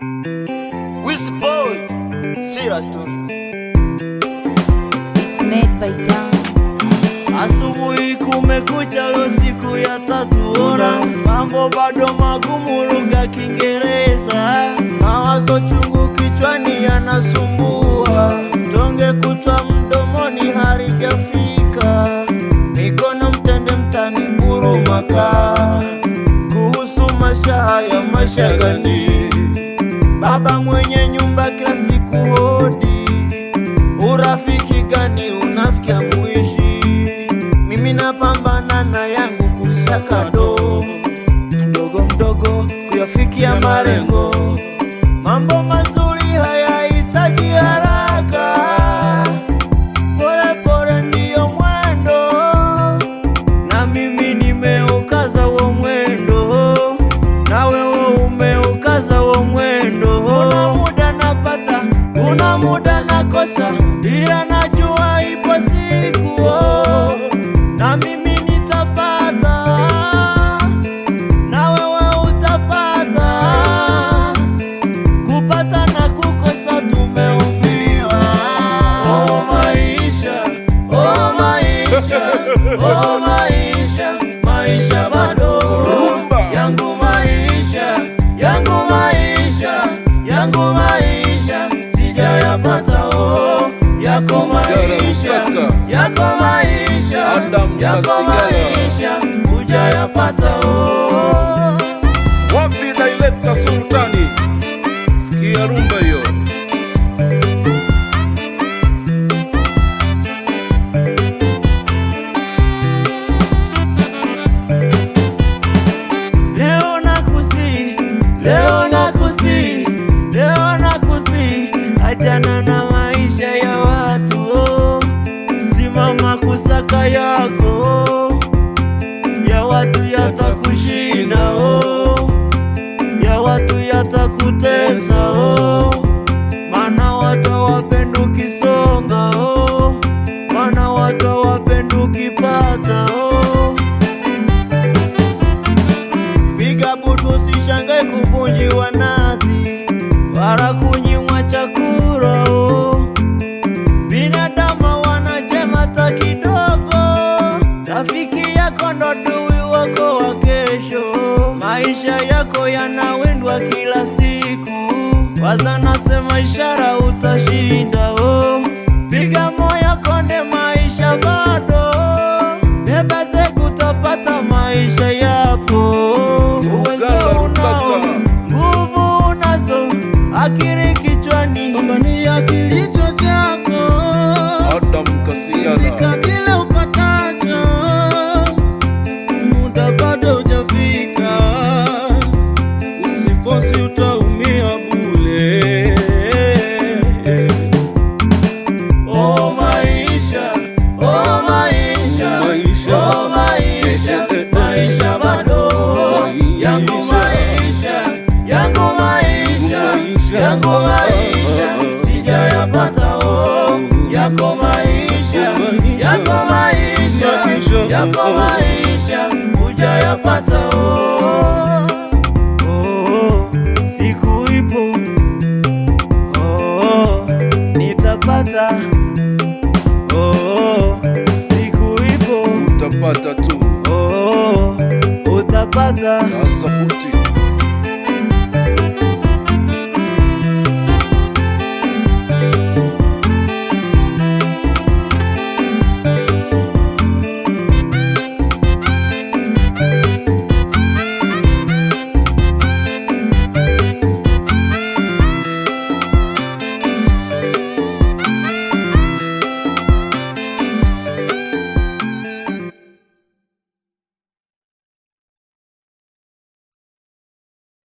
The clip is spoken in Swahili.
the boy, serious tune. It's made by Dan. Asubuhi kumekucha, leo siku ya tatu, ona mambo bado magumu, lugha Kiingereza, mawazo chungu kichwani yanasumbua, tonge kutwa mdomoni harijafika, mikono mtende mtani, huruma maka, kuhusu maisha haya, maisha gani? Baba mwenye nyumba kila siku hodi, urafiki gani unafikia mwishi? Mimi napambana na yangu kusaka do mdogo mdogo kuyafikia marengo mambo mazuri Yako maisha sijayapata, oh, yako maisha, yako maisha, yako maisha hujayapata, oh. Wapi naileta sultani, sikia rumba hiyo leo nakusi, leo nakusi yatakutesa oh, mana watawapenda ukisonga oh, mana wata ukipata oh. Piga butu usishangae kuvunjiwa nazi wala kunyimwa chakura oh. Binadamu wana jema ta kidogo, rafiki yako ndo adui wako wa kesho, maisha yako yana Waza nasema ishara utashinda Yako maisha sijayapata, oh, yako maisha, yako maisha, maisha hujayapata, oh, oh, siku ipo, nitapata utapata tu, oh, utapata